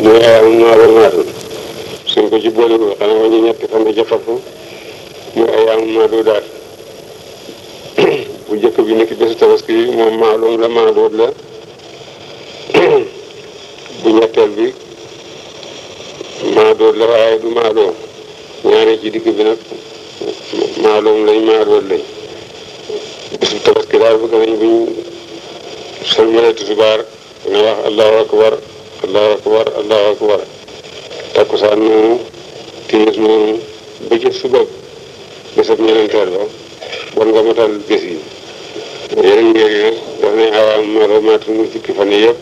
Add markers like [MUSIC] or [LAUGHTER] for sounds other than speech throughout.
ñu eeram nooru maatu suñ ko ci boolewul xanaa wañu ñetti fan yi ca topp mu ayaamu maadu bu jëkk bi nekk bésu tabaski moom maalum la maadoot la bu ñetteel bi maadoot la waaye du maaloom ñaari ci digg bi nag maaloom lañ maadoot lañ bésu tabaski daal bëgg nañ buñ salmalee tusubaar dina wax allahu akbar allahu akbar allahu akbar takkusaan noonu timis noonu ba ci suba bésab ñeenteel ba bon nga matal bés yi yeneen ngir yi daf ne awaam melo maatul mu fukki fan yi yëpp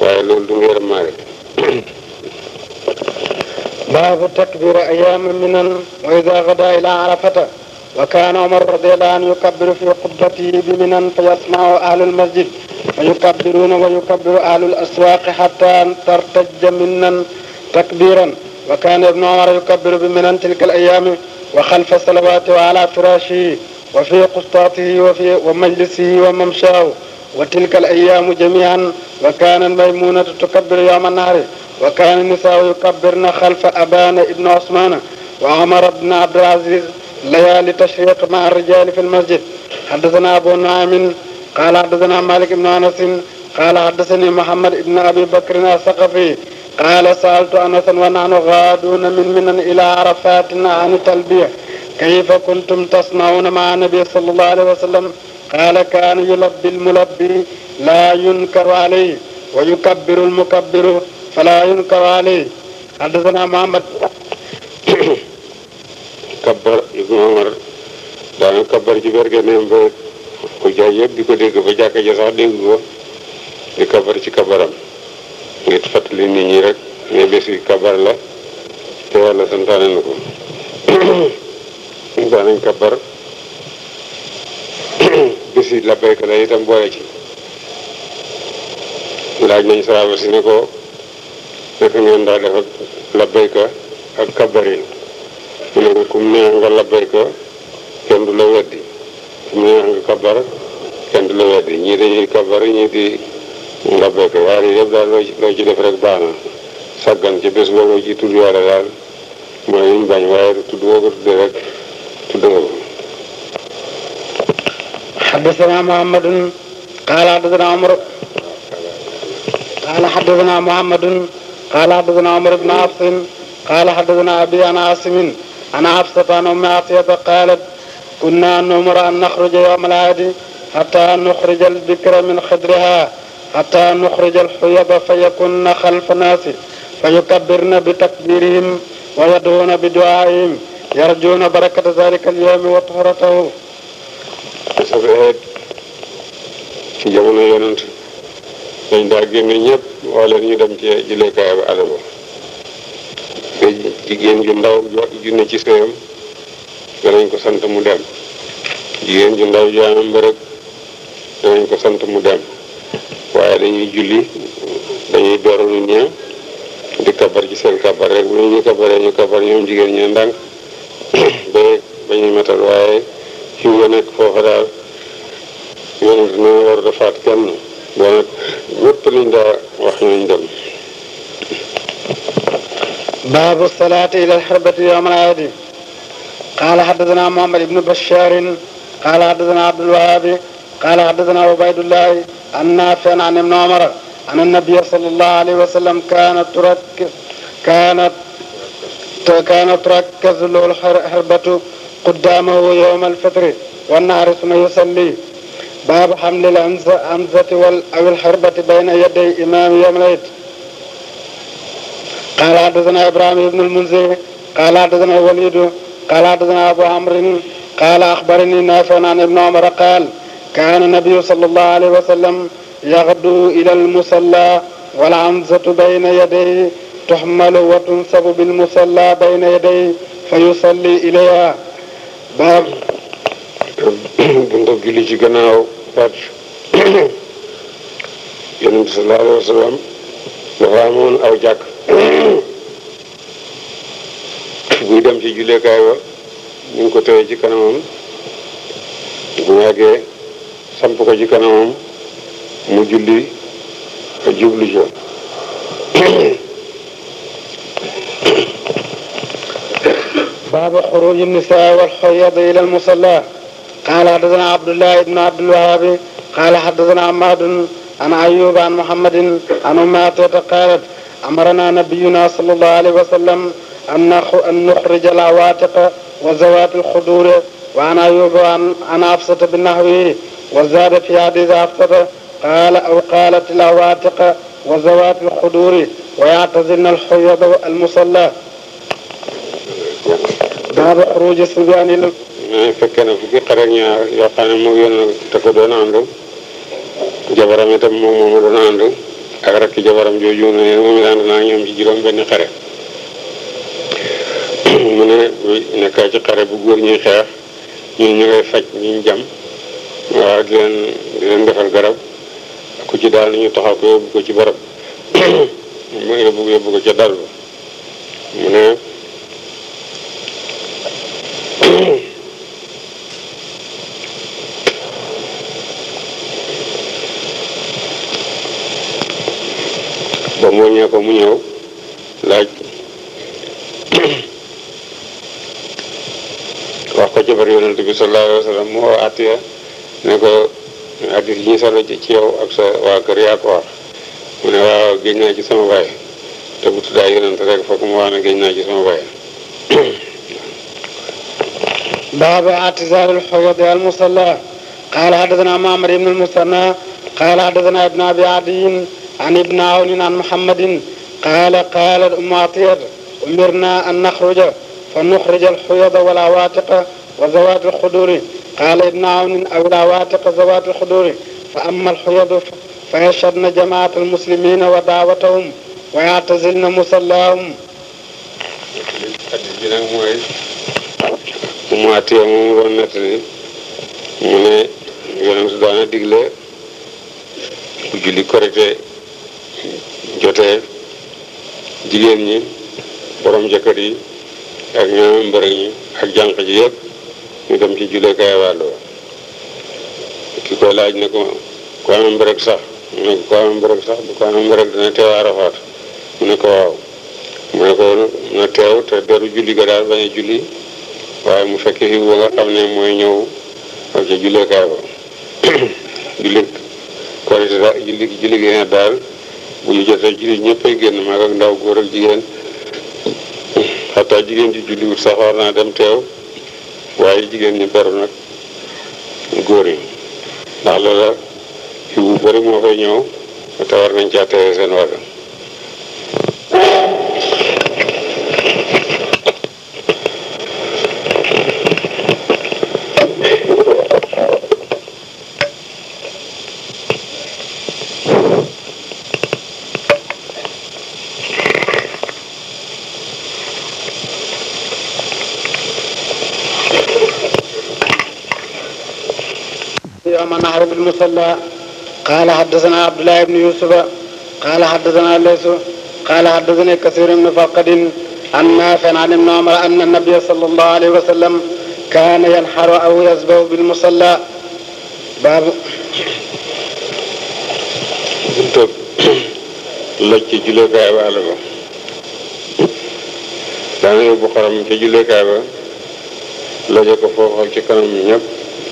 waaye loolu du ngir maare baabu takbira ayaaman minan wa idaa gadaa ilaa arafata wa kaana omar radiallahu anhu yukabbiru fi xutbatihi bi minan fa yasmau ahlul masjid wa yukabbiruuna wa yukabbiru ahlul aswaaqi xatta tartajja minan takbiran wa kaana ibnu omar yukabbiru bi minan tilka al ayaami wa xalfa salawaati wa ala firashihi wa fi qustaatihi wa fi wa majlisihi wa mamshaahu wa tilka al ayaamu jamian wa kaana almaymuunatu tukabbiru yowma nahri wa kaana nisaau yukabbirna xalfa abaana ibnu osmaana wa omar ibnu abdulaziz ليالي تشريق مع الرجال في المسجد حدثنا أبو نعيم قال حدثنا مالك بن أنس قال حدثني محمد بن أبي بكر الثقفي قال سألت أنس ونحن غادون من منن إلى عرفات عن التلبية كيف كنتم تصنعون مع النبي صلى الله عليه وسلم قال كان يلبي الملبي لا ينكر عليه ويكبر المكبر فلا ينكر عليه حدثنا محمد kabbar ibnu omar daana kabbar ci bergeneem ba ku jaay yëpp di ko dégg ba jàkka ja sax dégg ko di kabbar ci kabbaram ngir fàttali nit ñi rek ne bés yi kabbar la te yàlla ko [COUGHS] daanañ kabbar [COUGHS] bés yi labbayka la itam boole ci laaj nañ saaba si ne ko naka ngeen daa def ak ak kabbar mu ne ko kum neex nga labbayka kenn du la weddi kum neex nga kabar kenn du la weddi ñii dañuy kabar ñii di labbayka waaye lii yëpp daal loo ci def rek baax na sàggan ci bés boobu ci tudd yàlla daal mooy li ñu bañ waaye tudd woo ko tuddee rek tudd nga ko. حدثنا محمد قال حدثنا عمر قال حدثنا محمد قال حدثنا عمر بن عاصم قال حدثنا أبي عن عاصم عن حفصة عن أم عطية قالت كنا نمر أن نخرج يوم العيد حتى نخرج البكر من خدرها حتى نخرج الحيض فيكن خلف ناس فيكبرن بتكبيرهم ويدعون بدعائهم يرجون بركة ذلك اليوم وطهرته sabeet ci jamono yonent dañ daa génne ñëpp wala ñu dem ci julleekaay ba adama te jigéen ju ndaw jot junne ci sëyam danañ ko sant mu dem jigéen ju ndaw ju am mbërëg danañ ko sant mu dem waaye dañuy julli dañuy dooralu ñeem di kabar ci seen kabar rek bu ñu kabaree ñu kabar ñoom jigéen ñi ndànk [CLEARS THROAT] ba bañuy matal waaye ci nga nekk foofa daal yonent na war a faat kenn boo nag ñëpp liñ daa wax ñooñ dem باب الصلاة إلى الحربة يوم العيد قال حدثنا محمد بن بشار قال حدثنا عبد الوهاب قال حدثنا عبيد الله عن نافع عن ابن عمر أن النبي صلى الله عليه وسلم كانت ترك كانت كانت تركز له الحربة قدامه يوم الفطر والنهر ثم يصلي باب حمل الأمزة أو الحربة بين يدي إمام يوم العيد قال حدثنا إبراهيم بن المنذر قال حدثنا الوليد قال حدثنا أبو عمرو قال أخبرني نافع عن ابن عمر قال كان النبي صلى الله عليه وسلم يغدو إلى المصلى والعنزة بين يديه تحمل وتنصب بالمصلى بين يديه فيصلي إليها باب buntu julli ci gannaaw wàcc yonent sallallahu alayhi wa sallam dafa amoon aw jàkk buy dem ci julleekaay wa ñu ngi ko tëye ci kanamam bu mu àggee samp ko ci kanamam mu julli a jublu ca باب خروج النساء والحيض إلى المصلى قال حدثنا عبد الله بن عبد الوهاب قال حدثنا عماد عن أيوب عن محمد عن أم قالت أمرنا نبينا صلى الله عليه وسلم أن نخرج العواتق وزوات الخدور وعن أيوب عن حفصة بالنحو وزاد في حديث حفصة قال أو قالت العواتق وزوات الخدور ويعتزلن الحيض المصلى باب خروج الصبيان إلى fekkee ne fukki xar ak ñaar yoo xam ne moom yoon na te ko doon ànd jabaram itam moom moom doon ànd ak rakk jabaram jooju mu ne moom it ànd naa ñoom ci juróom benn xare [COUGHS] mu ne nekk ci xare bu góor ñuy xeex ñun ñu ngay faj ñu jam waaw di leen defal garab ku ci daal ñu taxaw ko yóbbu ci barab [COUGHS] mu yóbbu yóbbu ko ca dal ba mu ne [COUGHS] soññee ko mu ñëw laaj [COUGHS] wax ko jabar yonent bi sallallahu alayhi mu Atiya ne ko addis yi ñu solo ci yow ak sa waa kër yaa ko wax mu ne waaw génn naa ci sama baay te bu tuddaa yonent rek foog mu wax ne génn naa ci sama baay باب اعتزال الحوض المصلى قال حدثنا معمر بن المثنى قال حدثنا ابن ابي عدي عن ابن عون عن محمد قال قال الأم عطية أمرنا أن نخرج فنخرج الحيض والعواتق وزوات الخدور قال ابن عون أو العواتق زوات الخدور فأما الحيض فيشهدن جماعة المسلمين ودعوتهم ويعتزلن مصلاهم mu àttee moom doon nett ni mu ne yonent daana digle ku julli korite jotee jigéen ñi borom jëkkër yi ak ñoom mbërëg ñi ak jànq ji yëpp ñu dem ci jullekaay wàllu ki ko laaj ne ko ku am mbërëg sax mu ne ko ku am sax bu ko am mbërëg dana teew mu ne ko waaw mu ne ko na teew te deru julli ga daal bañ a julli waaye mu fekk xiw ba nga xam ne mooy ñëw ak ca jullekaay [COUGHS] julli julli julli gi daal bu ñu jotee julli ñëppay génn mag ak ndaw góor ak jigéen xataa jigéen ji julliwut sax war naa dem teew waaye jigéen ñi beru nag góor yi ndax loola fi bu bëri moo fay ñëw te war nañ caa teewee seen wàll. صلى قال حدثنا عبد الله بن يوسف قال حدثنا ليس قال حدثني كثير من فقد عن نافع عن ابن عمر أن النبي صلى الله عليه وسلم كان ينحر أو يسبه بالمصلى باب buntub loj ci julleekaay ba àll ba daana yóbbu xorom ca julleekaay ba loje ko foofu ci kanam ñëpp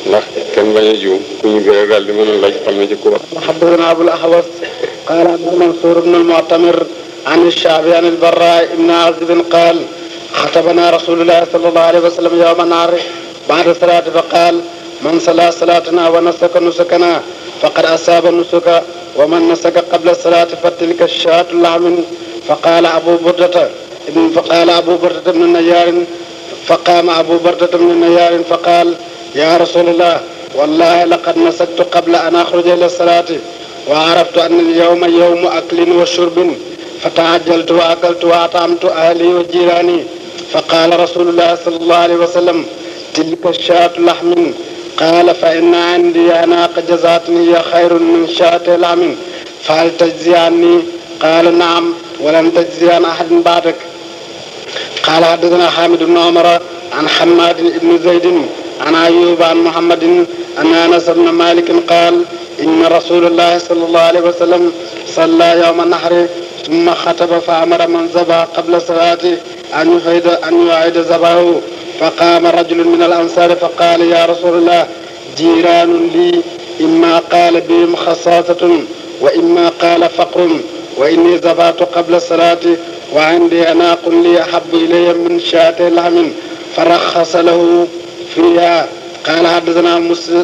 ndax kenn bañ a juum ku ñu gërëm daal di mën a laaj xam na ci ku wax. حدثنا أبو الأحوص قال حدثنا منصور بن المعتمر عن الشعبي عن البراء بن عازب قال خطبنا رسول الله صلى الله عليه وسلم يوم نار بعد الصلاة فقال من صلى صلاتنا ونسك نسكنا فقد أصاب النسك ومن نسك قبل الصلاة فتلك الشاة لحم فقال أبو بردة فقال أبو بردة بن النيار فقام أبو بردة بن النيار فقال يا رسول الله والله لقد مسكت قبل أن أخرج إلى الصلاة وعرفت أن اليوم يوم أكل وشرب فتعجلت وأكلت وأطعمت أهلي وجيراني فقال رسول الله صلى الله عليه وسلم تلك الشاة لحم قال فإن عندي أنا قد جزاتني خير من شاة لحم فهل تجزي عني قال نعم ولم تجزي عن أحد بعدك قال حدثنا حامد بن عمر عن حماد بن زيد عن أيوب عن محمد أن أنس بن مالك قال إن رسول الله صلى الله عليه وسلم صلى يوم النحر ثم خطب فأمر من ذبح قبل صلاته أن يعيد أن يعيد ذبحه فقام رجل من الأنصار فقال يا رسول الله جيران لي إما قال بهم خصاصة وإما قال فقر وإني ذبحت قبل الصلاة وعندي أناق لي أحب إلي من شاة لحم فرخص له فيها قال حدثنا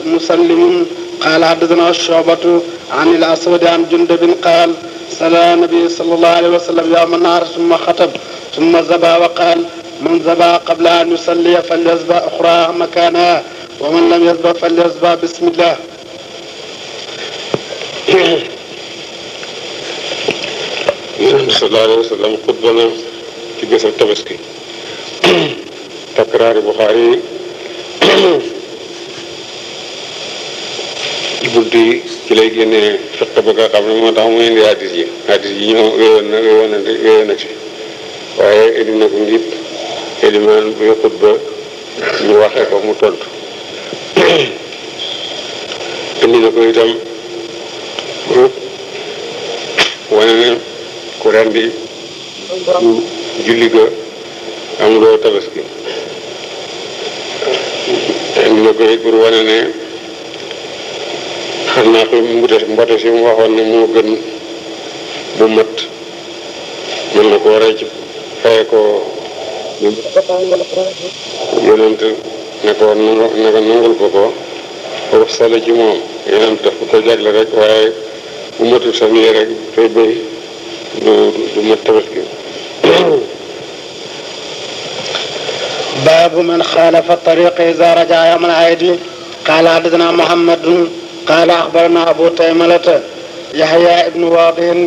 مسلم قال حدثنا الشعبة عن الأسود عن جندب قال صلى النبي صلى الله عليه وسلم يوم النار ثم خطب ثم زبا وقال من زبا قبل أن يصلي فليزبا أخرى مكانها ومن لم يزبا فليزبا بسم الله صلى الله عليه وسلم قدنا في قصر تبسكي تكرار بخاري ci bunt yi ci lay génnee fiq bi nga xam ne moo tax mu indi hadis yi hadis yi ñoo wéyoon na wéyoon na ci waaye indi na ko ngir élimaan buy xutba ñu waxee ko mu tontu [COUGHS] indi na ko itam pour wane ne ku rendi julli ga amuloo tabaski na ko it pour wane ne xam naa ko mbute mbote waxoon ne moo gën mu mat mën na koo rey ci ko yonent ne ko nangu ne ko nangul ko ko foofu solo ci moom yonent daf ko jagle rek waaye bu matul sam yi rek fay bëy du du mat tabaski baabu man xaalafa tariqa iza raja yawmal aydi qaala haddathana muhammadun qaala axbarana abu taymalata yahya ibnu waadin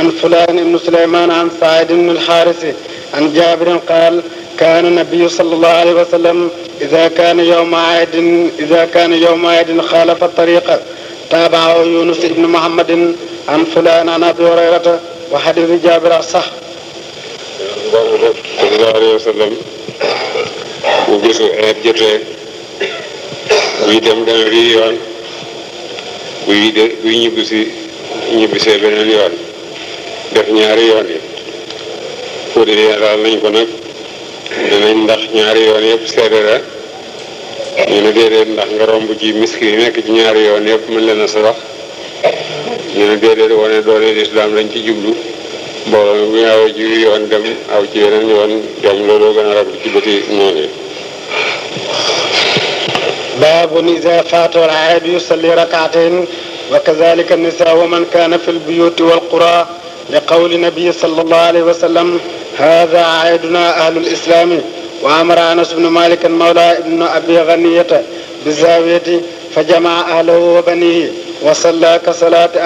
an fulaan ibnu suleymaan an said ibnu alxaarisi an jaabirin qaal kaana nabiyu sallallahu alayhi wa sallam iza kaana yawma aydin iza kaana yawma aydin xaalafa tariqa taabahu yunus ibnu muhammadin an fulaan an abi hurayrata wa xadiisi jaabir sax sallallahu alayhi wa sallam bu bisu eer jotee buy dem dem ñibbisi ñibbisee beneen yoon def ñaari yoon yi pour di yaatal nañ ko nag danañ ndax ñaari yoon yëpp seede la ñu ne déedéet ndax nga romb ci miski yi nekk ci ñaari yoon yëpp mën leen a sarax ñu ne déedéet wane doole lislaam lañ ci jublu mbooloo mi bu ñu awee ci yoon dem aw ci yeneen yoon dem loolu gën a rab ci bëti noonu baabun iza faata al aid yusalli rakaatain wa kazalika nisa wa man kaana fi lbuyuti walqura li qawli nabii sallallahu alayhi wa sallam hada aiduna ahlu lislaami wa amara anas bnu malikan mawla ibnu abi ganiyata bizaawiyati fa jamaa ahlahu wa banihi wa salla ka salaati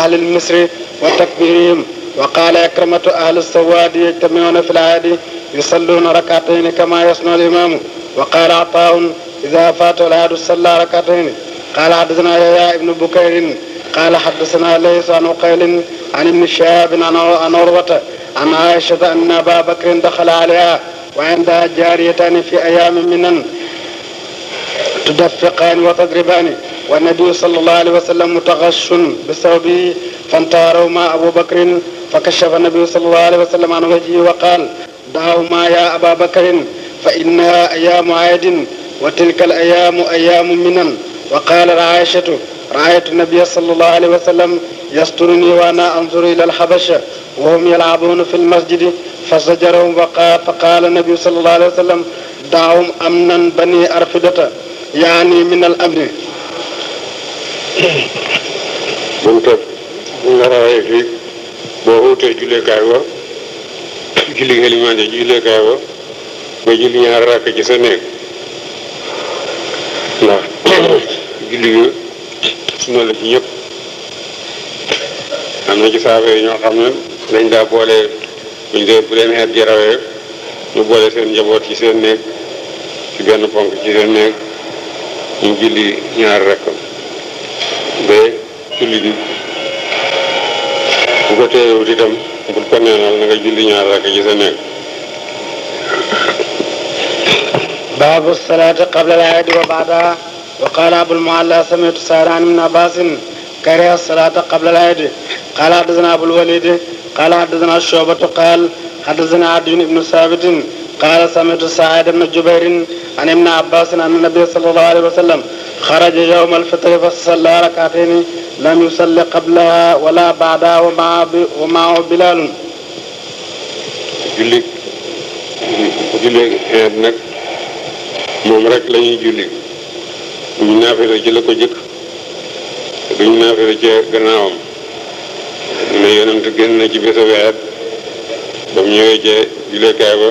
ahli lmisri wa takbirihim wa qaala akramatu ahli sawaadi yajtamiuna fi l aadi yusalluuna rakatayni kama yasnau limaamu wa qaala ataahun إذا فات العهد صلى ركعتين قال حدثنا يحيى بن بكير قال حدثنا ليس عن عقيل عن ابن شهاب عن عروة عن عائشة أن أبا بكر دخل عليها وعندها جاريتان في أيام منن تدفقان وتضربان والنبي صلى الله عليه وسلم متغش بثوبه فانتهرهما أبو بكر فكشف النبي صلى الله عليه وسلم عن وجهه وقال دعهما يا أبا بكر فإنها أيام عيد wa tilka al ayaamu ayaamu minan wa qaalat aishatu raaytu nabia sallallahu alayhi wa sallam yasturuni wa ana anzuru ila alxabasha wa hum yalcabuuna fi lmasjidi fa zajarahum fa qaala nabiu sallallahu alayhi wa sallam daawum amnan bani arfidata yaani min al amri mun kat bu nga rawee fii boo xuutee jullekaay ba julli nga limaande jullekaay ba nga julli ñaar rakk ci sa néeg waaw julli ga sunna la ci ñëpp am na ci saaba yi ñoo xam ne dañ daa boole buñ dee bu leen xeet gi rawee ñu boole seen njaboot ci seen néeg ci benn ponk ci seen néeg ñu julli ñaar rek ba julli gi bu ko teewut itam bul ko neenal na nga julli ñaar rek ci sa néeg باب الصلاة قبل العيد وبعدها وقال أبو المعلى سمعت سهران بن عباس كره الصلاة قبل العيد قال حدثنا أبو الوليد قال حدثنا شعبة قال حدثنا عدي بن ثابت قال سمعت سعيد بن جبير عن ابن عباس أن النبي صلى الله عليه وسلم خرج يوم الفطر فصلى ركعتين لم يصل قبلها ولا بعدها ومعه بلال. julli julli xeet nag moom rek la ñuy julli duñu naafila ci la ko jëkk te duñu naafila ci gannaawam ne yonent génn ci bésa weer ba mu ñëwee ca ba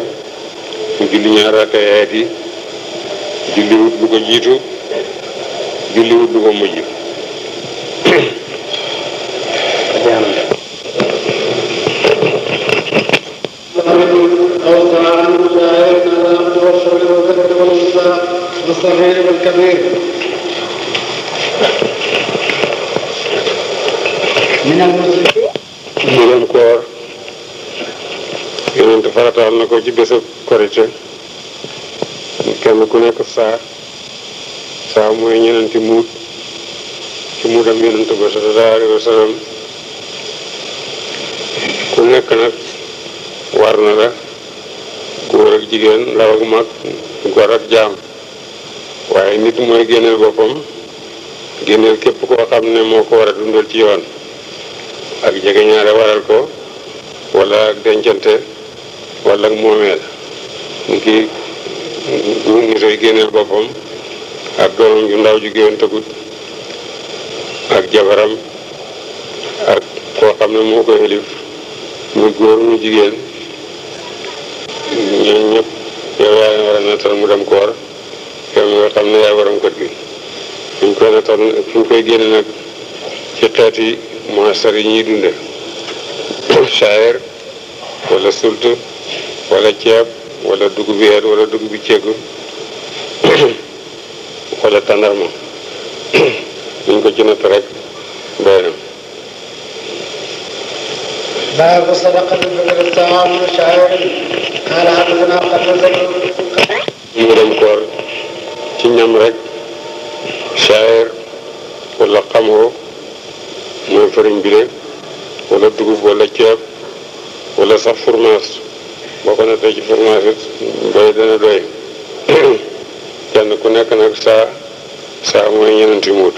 mu julli ñaar rakka yaayat yi julliwut ko jiitu julliwut bu ko mujj الصغير والكبير من koor yonent farataal na ko ci bésa korite kenn ku nekk saa saa mooy ñenenti muut ci muutam yonent ba sallallahu alayhi wa sallam ku nekk nag war na la góor ak jigéen ndaw mag góor ak jaam waaye nit mooy génneel boppam génneel képp koo xam ne moo ko war a dundal ci yoon ak jege ñaare waral ko walla ak dencante wala ak moomeel ni ki góor ngi koy génneel boppam ak doomam ju ndaw ju géwén tëggut ak jabaram ak koo xam ne moo ko élif ñu góor ñu jigéen ñooñu ñëpp yow yaa war a nattal mu dem koor yow na nga xam ne yaay waram kër gi suñ koy retal suñ koy génne nag ci xeeti monastère yi ñuy dunde chaer wala sult wala ceeb wala dugub yeer wala dugub bi ceeb wala tàndarma ñu ko ci natt rek doy na. باب صدقة الفطر الطعام والشعائر ci ñam rek saayir wala xamoo mooy fariñ bile wala dugub wala ceeb wala sax fromage boo ko nattee ci fromage it doy [CLEARS THROAT] kenn ku nekk nag saa saa mooy ñenenti muut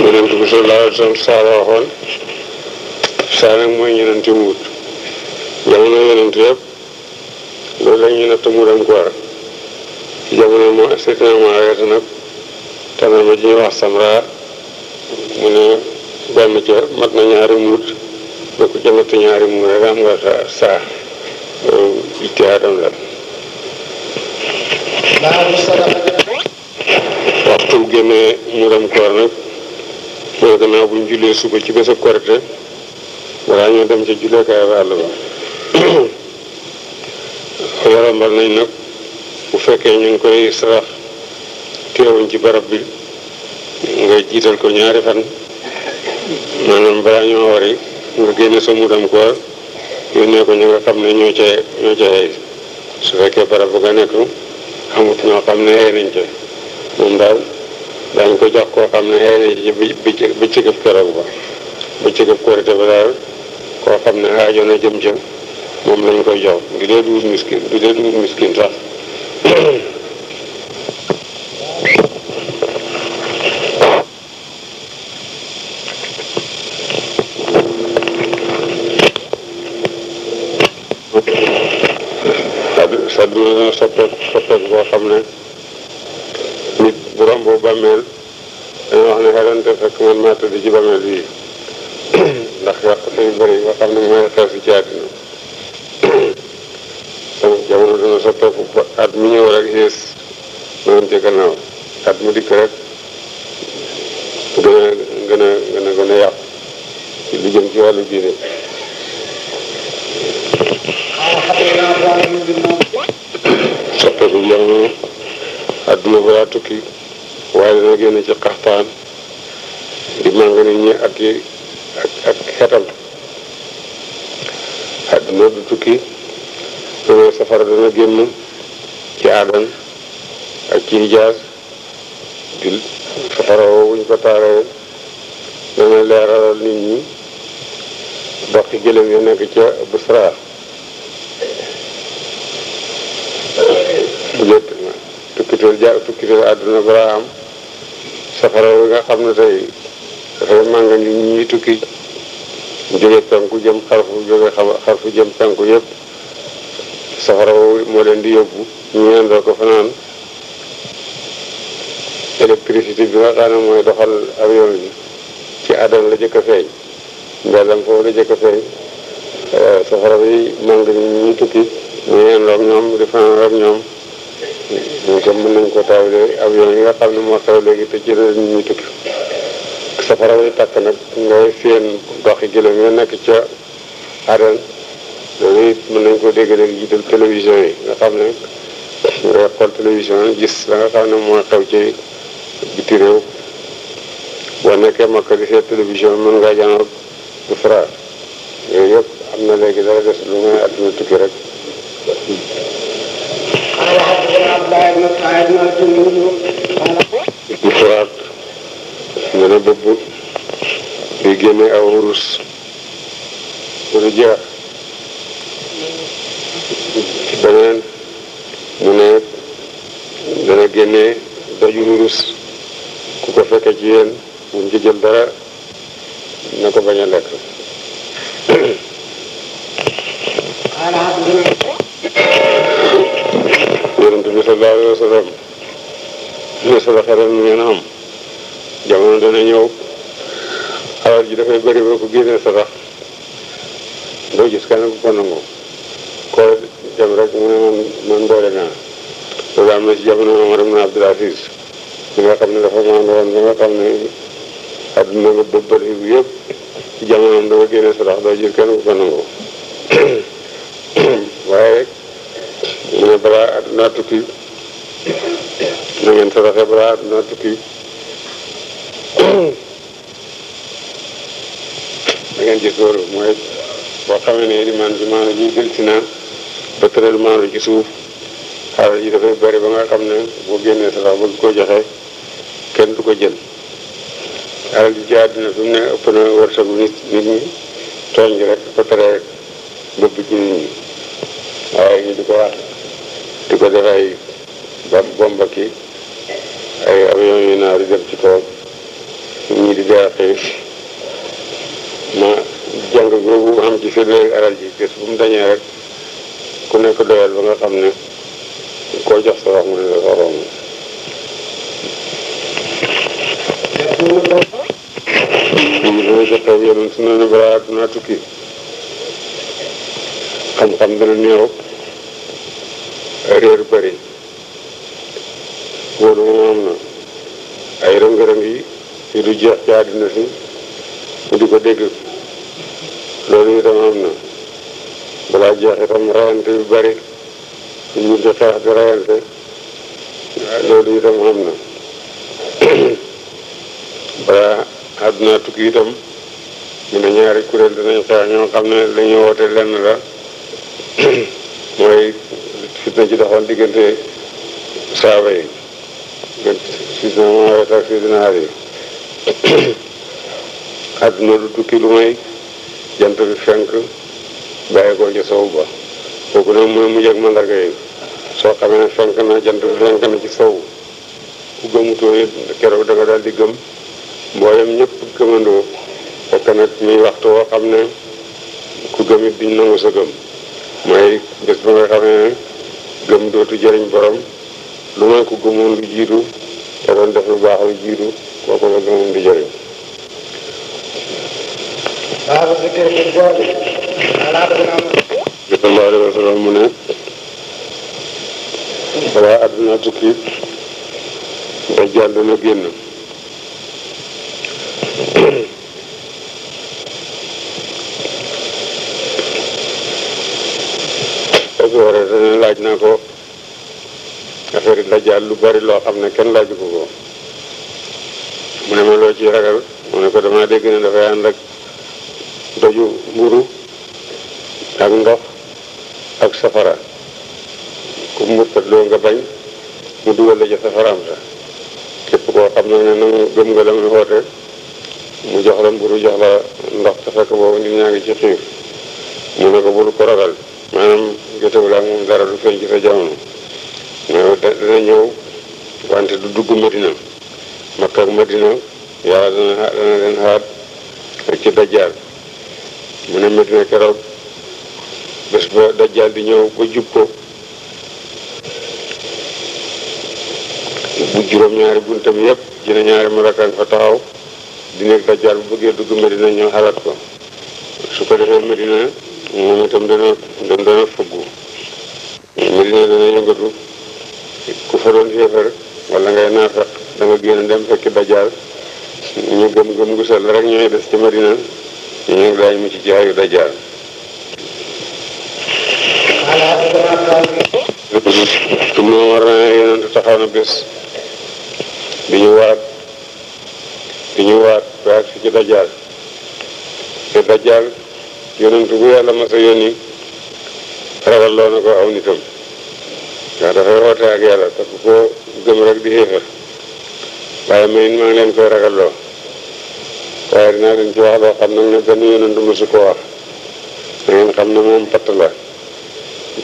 yonent bi sallallahu alayhi wa la waxoon saa nag mooy ñenenti muut jamono yonent yëpp loolu la natt mu dem koor ci jamono moo seetlu na maa weesu nag tamit ma ji wax samra mu ne benn ca mat na ñaari muut ba ku ca ñaari muut rek am nga sa saa loolu euh, ittihaadam la. waxtu bu génnee mu dem koor nag mooy gannaaw bu ñu jullee suba ci bés a korite balaa dem ca julleekaay ba àll ba. warambal nañ nag bu fekkee ñu ngi koy sarax teewuñ ci barab bi nga jiital ko ñaari fan maanaam balaa ñoo wari nga génne sa mudam koor yónnee ko ñu nga xam ne ñoo cay ñoo cay su fekkee barab bu nga nekk amut ñoo xam ne xëy ca moom daal daañ ko jox koo xam ne xëy nañ ci bëccëg bëccëg keroog korite ba daal koo xam ne aajo na jëm ca moom lañ koy jox ngi dee duur miskin bi dee duur miskin sax dina soppeeku soppeeku boo xam ne nit bu romboo bàmmeel dana wax ne xelante fekk man maa tëdd ci bàmmeel bii ndax yàq yu bëri yi nga xam ne mooy xew ci àddina jamono dana soppeeku ba at mu ñëw rek yées mu gannaaw at mu dikk rek gën a gën a gën a gën a yàqu ci lu jëm ci wàllu diine soppeeku jamono adduna balaa tukki waaye dana génn ci xaxtaan di mànga nit ñi ak yi ak ak xetal adduna du tukki safara dana génn ci aadan ak ci hijaas jul safara woo wuñ ko taaroo dana leeralal nit ñi bokki gëlëm ya nekk ca busra lépp tukkitool ja tukkitool àdduna bara am safara wi nga xam ne tey dafay mànga nit ñi tukki jóge penku jëm xarfu jóge jëm penku yëpp safara moo leen di yóbbu ñu yendoo ko fanaan électricité bi nga xam ne mooy doxal avion bi ci aadama la jëkk a feeñ njàllam foofu la jëkk a feeñ euh, safara bi mang ni ñu tukki ñu yendoo ak ñoom di fanaan ak ñoom ñun tam mën nañ ko taawle avion yi nga xam ne moo léegi te ci la ñuy tukki safara bi tàkk nag ngay seen doxi gëlëm nga nekk ca aadama loolu it mën nañ koo dégg jiit jiital télévision yi nga xam ne ngay xool télévision gis la nga xam ne mooy xew ci biti réew boo nekkee makka di seet télévision mën ngaa jànoo du fra yooyu na léegi dara des di génne aw wurus pour jeex beneen mu ne dana génne daju wurus ku ko fekke ci yéen bu mu jël dara na ko bañ a lekk yonent bi sallallahu alayhi wa sallam ne sadaxa ren mu ngeen am jamono dana ñëw alal ji dafay bëri ba ko génnee sadax doo gis kenn ku ko nangu xool dem rek mu ne man man boole naa loolu am na ci jamono Omar ibn Abdul Aziz mi nga xam ne dafa maandu woon ba nga xam ne adduna nga bëbbër yi yëpp ci jamonoom dafa génne sarax doo jël kenn ku ko nangu [COUGHS] waaye rek mu ne balaa adduna tukki na ngeen saraxe balaa adduna tukki da [COUGHS] ngeen gis loolu mooy boo xamee ne limaan bi maanaam ñu gël si naa ba tëral maandu ci suuf xaaral ji dafay bari ba nga xam ne boo génnee sa loxo bëgg koo joxe kenn du ko jël alal ji ci àddina fi ne ëpp na wërsëgu nit nit ñi tooñ gi rek ba pare bëbb ci nit ñi waaye ñu di ko wax di ko def ay ki ay yu naaw di dem di dee xiif ma jàng googu am ci firnde alal ji gis bu mu dañee rek ku nekk doyal ba nga xam ne koo jox sa wax ne la sa romb ñi dana joxew yenen su nene bara naa tukki xam-xam dana am na ay rëng-rëng yi yu du jeex ci àddina si mu di ko dégg loolu itam am na balaa jeex itam rawante yu bëri ñu ngi di xeex di rawante loolu itam am na [CLEARS THROAT] balaa àdduna tukki itam mu ne ñaari kuréel dinañ xeex ñoo xam ne la ñu woote lenn la [CLEARS THROAT] mooy fitna ci doxoon diggante saaba yi fitna mooy [CLEARS THROAT] tukki lu may jant bi fenk bàyyi koo ci sow ba kooku nag mooy mujj ak mandarga yi soo xamee ne fenk na jant fenk na ci sow ku gëmutoo it keroog da nga daal di gëm mboolem ñëpp gëmandoo fekk nag muy waxtu woo xam ne gëm dootu jëriñ boroom lu may ko gëmoon lu jiitu te doon def lu baax lu jiitu kooku la gëmoon du jëriñ. sallallahu alayhi wa mu ne balaa àdduna tukki dajjal dana génn ak wara laaj naa ko affaire dajjal lu bari loo xam ne kenn laaju ko ko mu ne ma loo ci ragal mu ne ko dama dégg ne dafay ànd ak doju mburu ak ndox ak safara ku murtat loo nga bañ mu dugal la ca safaraam sa képp koo xam ne na mu gëm nga lam xoote mu jox la mburu jox la ndox te fekk boobu nit ñaa ngi ci xiif mu ne ko bul ko ragal maanaam jotewul ak moom dara du feeñ dana ñëw wante du dugg Madina ci dajjaal mu ne Madina keroog bés ba dajjal di ñëw ba jub ko bu juróom-ñaari buntam yépp dina ñaari malakaan fa taxaw di nekk dajjal bu bëggee dugg Medina ñëw xalaat ko su ko defee Medina moom itam dana dana dana da nga génn dem fekki ñu gëm gëm gu sell rek ñooy des ngi daañu mu ci jaayu dajjal su ma war na yonent taxaw na bés bi ñu waat bi ñu waat waat fi ci dajaal te dajaal yonent bu yàlla mas a yónni ragal loo na ko aw nitam waaw dafay woote ak yàlla te ko gëm rek di xéefar waaye man maa ngi leen koy ragal loo waaye dinaa leen ci wax loo xam nag ne benn yonent mësu ko wax da xam ne moom patt la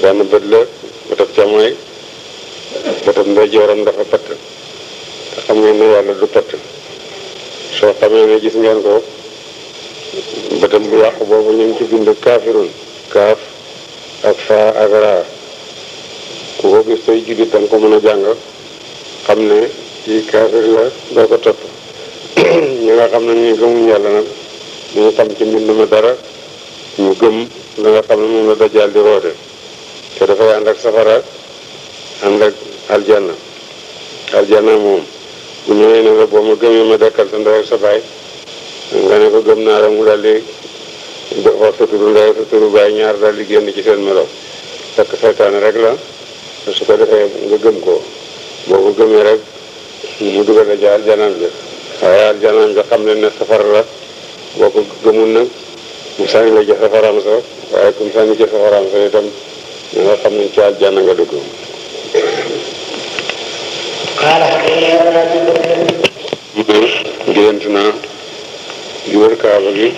benn bët la bëtëb camooy bëtëb ndeyjooram dafa patt te xam ngeen ne yàlla du patt soo xamee ne gis ngeen ko bëtëb bu yàqu boobu ñu ngi ci bind kaafirun kaaf ak faa ak raa ku gis tey jullit danga ko mën a jàng xam ne kii kaafir la doo ko topp [CLEARS THROAT] ñi nga xam ne ñu gëmuñ yàlla nag ñu xam ci mbind ma dara ñu gëm na nga xam ne moom la dajaal di roote te dafay ànd ak safara ànd ak aljanna aljanna moom ma gëmee ma dekkal sa sa baay nga ko gëm naa mu daal di wax sa ñaar daal di génn ci seen melo takk saytaane rek la su ko defee nga gëm ko boo ko gëmee rek mu dugal la ci aljanna bi waaye aljanna bi xam ne ne safara la boo ko gëmul nag mu sànni la ci safaraam sa waaye comme sànni ci safaraam sa itam ñi nga xam ne ci aljanna nga dugg gént naa di kaaba gi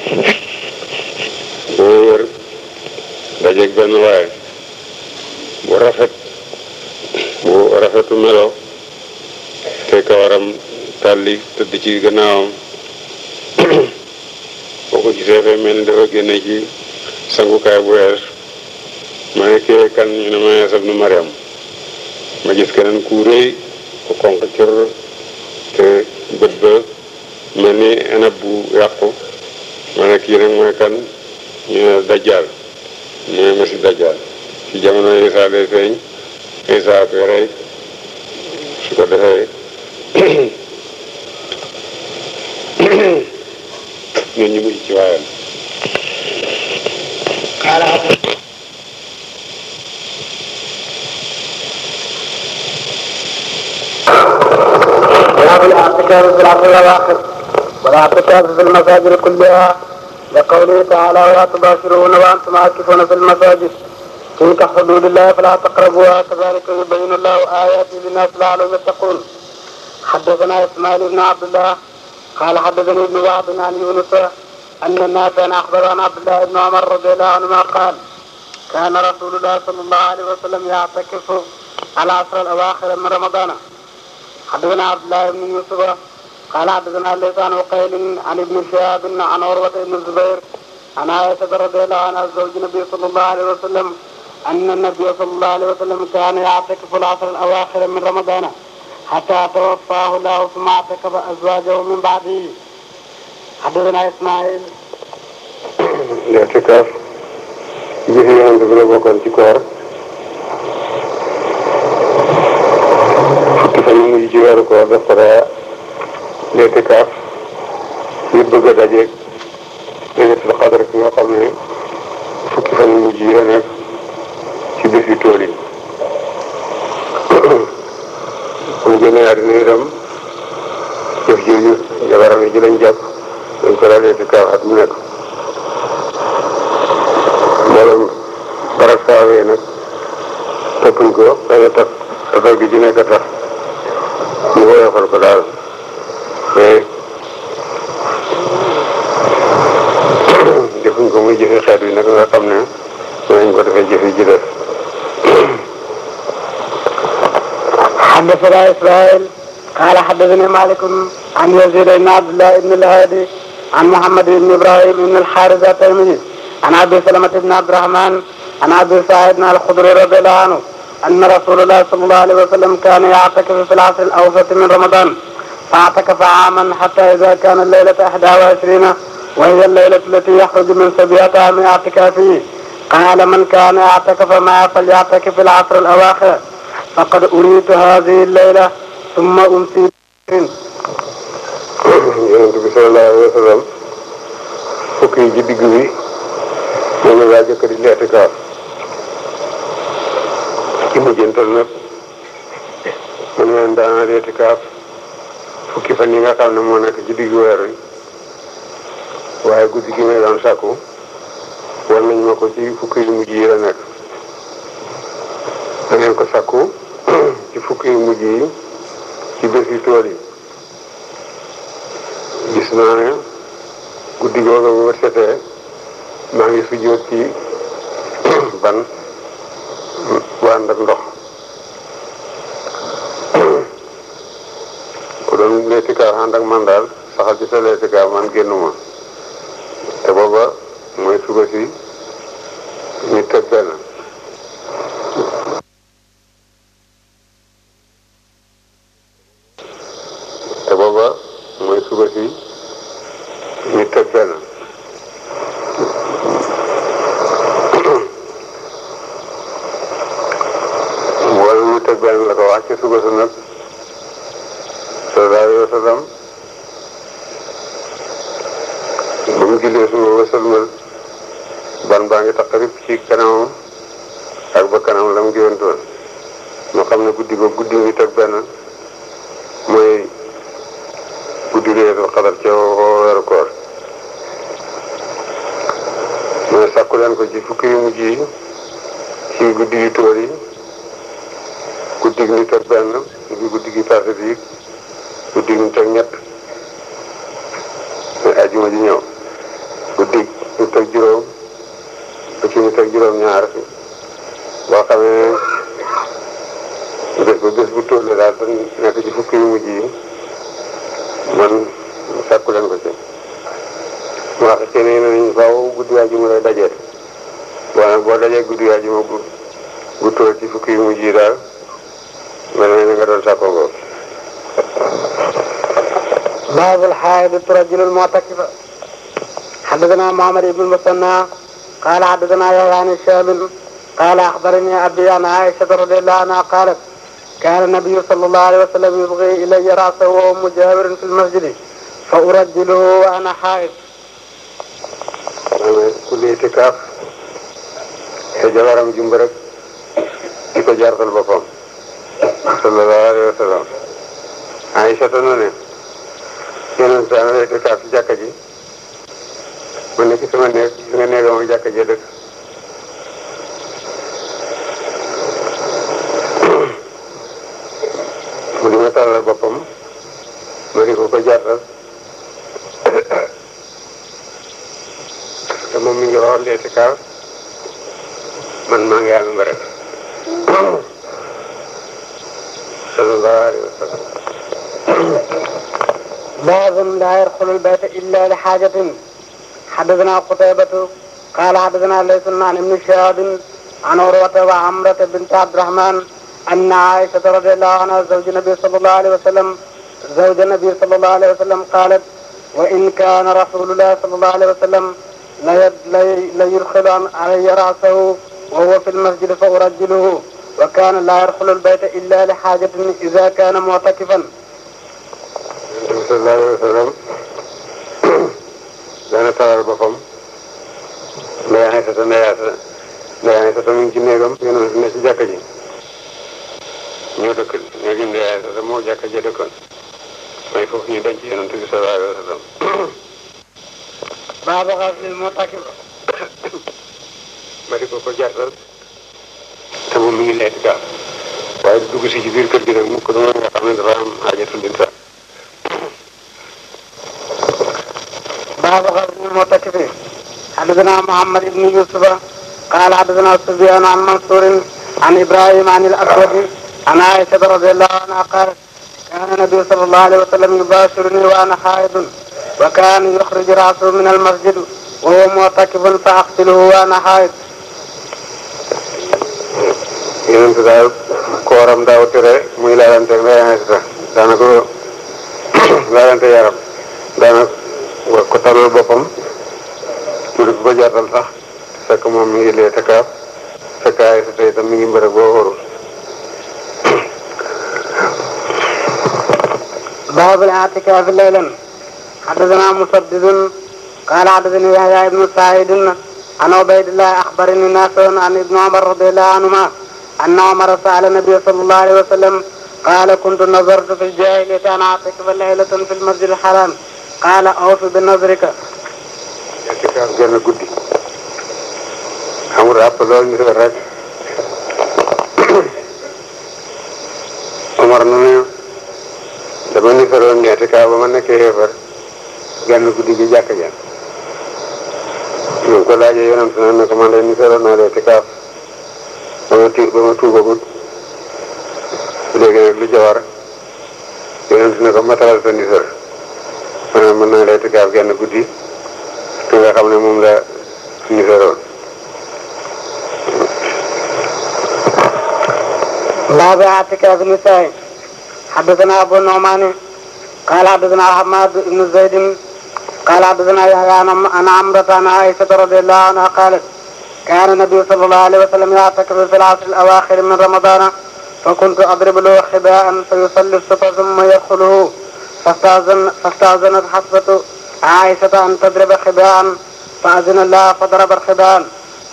boo wër dajeeg benn waaye bu rafet bu rafetu melo te kawaram tàlli tëdd ci gannaawam boo ko gisee fay mel ni dafa génne ci sangukaay bu weex ma ne kii kan ñu ne ma Iisaa ibnu Maryam ma gis keneen ku ku xonq cër te bët ba mel ni enab bu yàqu ma ne kii nag kan ñu ne dajjaal mooy masi dajjaal ci jamono Iisaa day feeñ Iisaa koy rey ko defee ñun [COUGHS] ñu mujj ci waayam والاعتكاف في العصر الأواخر والاعتكاف في المساجد كلها لقوله تعالى ولا تباشرون وأنتم عاكفون في المساجد تلك حدود الله فلا تقربوها كذلك يبين الله آياته للناس لعلهم يتقون حدثنا إسماعيل بن عبد الله قال حدثني ابن وهب عن يونس أن نافعا أخبر عن عبد الله بن عمر رضي الله عنهما قال كان رسول الله صلى الله عليه وسلم يعتكف العصر الأواخر من رمضان حدثنا عبد الله بن يوسف قال حدثنا ليس عن عقيل عن ابن شهاب عن عروة بن الزبير عن عائشة رضي الله عنها زوج النبي صلى الله عليه وسلم أن النبي صلى الله عليه وسلم كان يعتكف العشر الأواخر من رمضان حتى توفاه الله ثم اعتكف أزواجه من بعده حدثنا إسماعيل الاعتكاف جهي عند بن بكر fan yu mujj ci weeru koor daf ko daa leeti kaaf ngir bëgg a dajeeg laylatul ki nga xam ne fukki fan yu mujj yi nekk ci bis yu tool yi mu génne àddina itam jëf jooju jabaram yi ci lañ jàpp dañ ko daa leeti kaaf at mu nekk mboolem barab saawee nag toppuñ ko danga tax mu woyofal ko daal jëfuñ ko muy jëfi xeet wi nag nga xam ne dinañ ko defee jëfi ji def حدثنا إسرائيل قال حدثني مالك عن يزيد بن عبد الله بن الهادي عن محمد بن إبراهيم بن الحارث التيمي عن أبي سلمة بن عبد الرحمن عن أبي سعيد الخدري رضي الله عنه anna rasulullah sallallahu alayhi wa sallam kaana ya'takifu fi al-'asr al-awsat min ramadan fa'takafa 'aaman hatta idha kana al-laylata ihda wa ishrina wa hiya al-laylatu allati yakhruju min sabiyatiha min i'tikafihi qala man kana i'takafa ma'a falya'takif fi al-'asr al-awakhir faqad uriitu hadhihi al-layla thumma umsi yonent bi sallallahu alayhi wa sallam fukki ji digg bi moom laa jëkk di i'tikaaf ci mujjantal nag man leen daana reeti kaaf fukki fan yi ne moo nekk ci diggu weer waaye guddi gi may doon sàkku war nañ ma ko ci fukki yu mujj yi la nekk da ko sàkku [CLEARS THROAT] ci fukki yu mujj yi ci bés yi tool yi gis naa ne guddi googu bu setee maa ngi sujjóot ci [CLEARS THROAT] ban ànd ndox ku doon leetikaar ànd ak man daal saxal ci sa leetikaar man génnuma te booba mooy suba si ñu teg benn lu teg juróom ñaar boo xamee bés bu bés bu tóol la daal ba nekk ci fukki yu mujj yi man sàkku ko ci. mu wax ci ne nañ faaw guddi àjjuma lay boo nag boo dajee guddi àjjuma bu bu ci fukki yu mujj yi daal mel na nga doon sàkkoo ko. baabul xaayid rajulul mu'takif حدثنا معمر بن المثنى قال حدثنا يحيى بن قال اخبرني عبدي عن عائشه رضي الله عنها قالت كان النبي صلى الله عليه وسلم يبغي الي راسه وهو مجاور في المسجد فارجله وانا حائض. كل اعتكاف te jabaram jumb rek di ko jartal boppam sallallahu alayhi wa sallam Aïcha ne yonent bi am na itikaf ci jàkka ji ma ne ci sama néeg su nga néegam ak jàkka ja dëkk [COUGHS] mu di ma tàllal boppam ma di ko ko jàttal [COUGHS] te moom mi ngi waxoon dee ci kaar man maa ngi am mbërëg [COUGHS] sallallahu alayhi wa sallam baabun laa yarxulu l bayta illa li xaajatin حدثنا قتيبة قال حدثنا ليس عن ابن شهاب عن عروة وعمرة بنت عبد الرحمن أن عائشة رضي الله عنها زوج النبي صلى الله عليه وسلم زوج النبي صلى الله عليه وسلم قالت وإن كان رسول الله صلى الله عليه وسلم ليدخل علي رأسه وهو في المسجد فأرجله وكان لا يدخل البيت إلا لحاجة إذا كان معتكفا. صلى الله عليه وسلم dana taral boppam ndey Aysata ndey Aysata ndey Aysata mu ngi ci néegam yonent ne ci jàkka ji ñoo dëkk néegi ndey Aysata moo jàkka ji dëkkoon mooy foofu ñu denc yonent bi sallallahu alayhi wa sallam baaba moo takki ko ma di ko ko jàttal te moom mi ngi leeti gaal waaye du dugg si ci kër gi nag mu ko dama nga xam ne dafa am aajatul insaan Abu Hazim moo takk fi حدثنا محمد بن يوسف قال حدثنا سفيان عن منصور عن ابراهيم عن الاسود عن عائشه رضي الله عنها قالت كان النبي صلى الله عليه وسلم يباشرني وانا حائض وكان يخرج راسه من المسجد وهو معتكف فاقتله وانا حائض. yonent daal kooram daaw tere muy laalante ak daanaka daanaka laalante yaram daanaka nga ko talal boppam mu di ko jaatal sax fekk moom mi ngi lee takaaf fekkaay si tey tam mi ngi mbërëg boo warul baabul i'tikaafi laylan حدثنا مسدد قال حدثني يحيى بن سعيد عن عبيد الله اخبرني نافع عن ابن عمر رضي الله عنهما ان عمر سال النبي صلى الله عليه وسلم قال كنت نظرت في الجاهليه ان اعتكف ليله في المسجد الحرام qaala awfu bi nazrika yàgg sax genn guddi amul ràpp loolu ñu rek [COUGHS] Omar na ne dama ni faroon ñeeti kaa ba ma nekkee xeefar genn guddi gi jàkk ja ñu ko laajee na ko man de ni faroon naa dee ba ma tu ba ma tuubagut lu jawar yonent na ko matalal sa بها فكرة بن سعيد حدثنا أبو النعمان قال حدثنا حماد بن زيد قال حدثنا يحيى عن عمرة عن عائشة رضي الله عنها قالت كان النبي صلى الله عليه وسلم يعتكف في العشر الأواخر من رمضان فكنت أضرب له حباء فيصلي الصبح ثم يدخله فاستأذن فاستأذنت حفصة عائشة أن تضرب حباء فأذن الله فضرب الحبان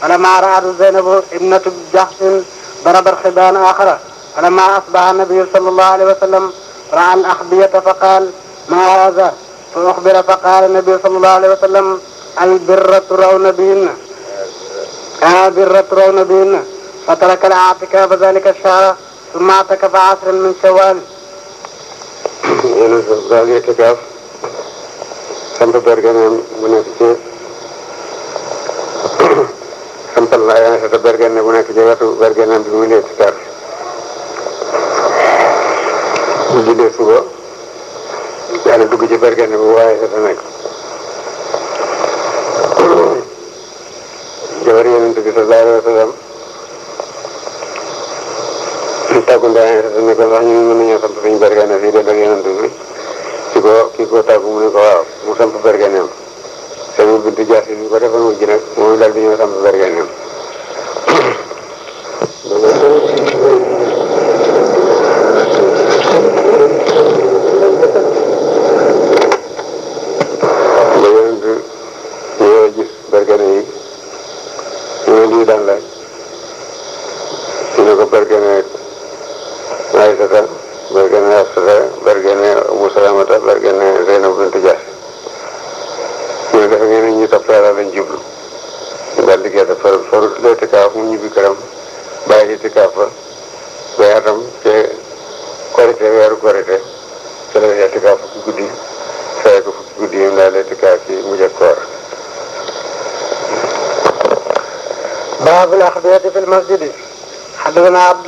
فلما رأت زينب ابنة جحش ضرب الحبان آخره فلما أصبح النبي صلى الله عليه وسلم رأى الأخبية فقال ما هذا فأخبر فقال النبي صلى الله عليه وسلم البر ترون بهن البر ترون بهن فترك الاعتكاف ذلك الشهر ثم اعتكف عشرا من شوال yéen a daal itikaaf samp bergeneem bu nekk ci sampal la yéen a bergene bu nekk ci wetu bergeneem bi muy itikaaf mu jullee yaa yàlla dugg ci bergen bi waaye dafa nekk jabar yonent bi sallallahu alayhi wa sallam mu tàggu ndaay dafa nekk ndax ñu mën nañoo samp suñu bergen fii dend ak yonent bi ki ko ki ko tàggu mu ne ko waaw mu samp bergenem seen buntu jaas yi ñu ko defal mujj nag moom daal di ñëw samp bergenem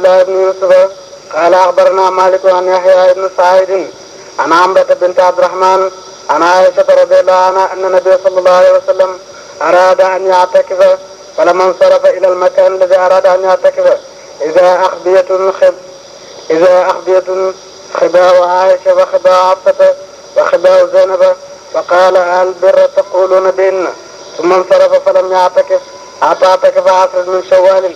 الله بن يوسف قال أخبرنا مالك عن يحيى بن سعيد عن عمرة بنت عبد الرحمن عن عائشة رضي الله عنها أن النبي صلى الله عليه وسلم أراد أن يعتكف فلما انصرف إلى المكان الذي أراد أن يعتكف إذا أخبية خب إذا أخبية خباء عائشة وخباء عفة وخباء زينب فقال هل بر تقولون بهن ثم انصرف فلم يعتكف أعتكف عصر من شوال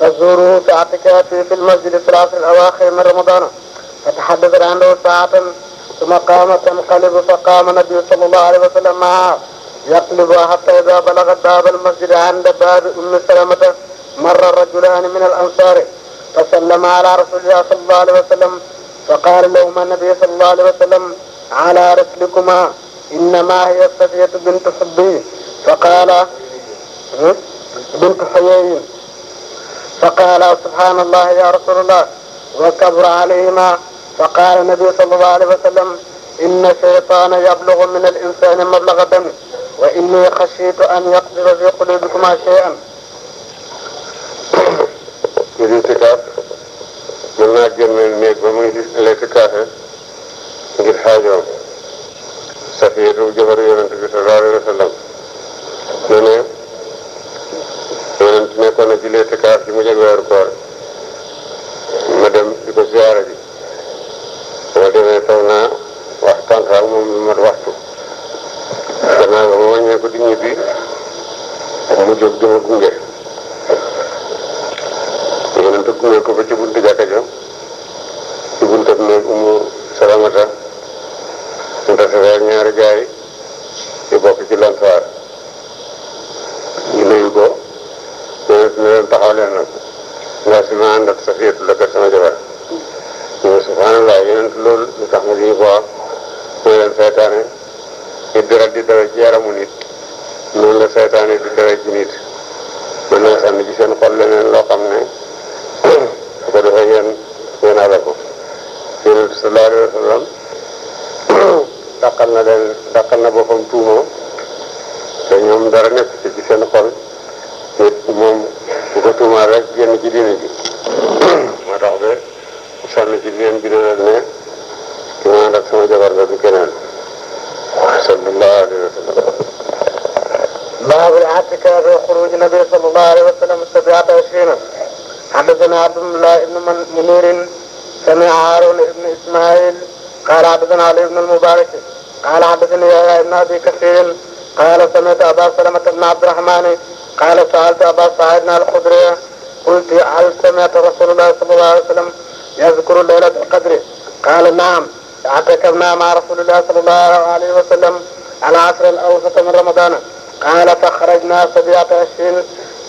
تزوره ساعة كافي في المسجد الثلاث الأواخر من رمضان فتحدث عنه ساعة ثم قام تنقلب فقام النبي صلى الله عليه وسلم معها يقلبها حتى إذا بلغت باب المسجد عند باب أم سلمة مر رجلان من الأنصار فسلم على رسول الله صلى الله عليه وسلم فقال لهما النبي صلى الله عليه وسلم على رسلكما إنما هي صفية بنت حبي فقال بنت حيي فقال سبحان الله يا رسول الله وكبر عليهما فقال النبي صلى الله عليه وسلم إن الشيطان يبلغ من الإنسان مبلغ دمه وإني خشيت أن يقدر في قلوبكما شيئا الاعتكاف mën naa génn néeg ba muy i'tikaaf ngir xaajoom safiyatu jabaru yonent bi sallallahu alayhi wa sallam yonent nekkoon na jullee tikaaf ci mujj ak weeru koor ma dem di ko ziyaara ji boo demee toog naa waxtaan ak moom lu mat waxtu gannaaw ba ma wàññee ko di ñibbi mu jot di ma gunge yonent gunge ko ba ci buntu jàkka الخضرية قلت هل سمعت رسول الله صلى الله عليه وسلم يذكر ليلة القدر قال نعم اعتكفنا مع رسول الله صلى الله عليه وسلم العصر الأوسط من رمضان قال فخرجنا سبعة عشرين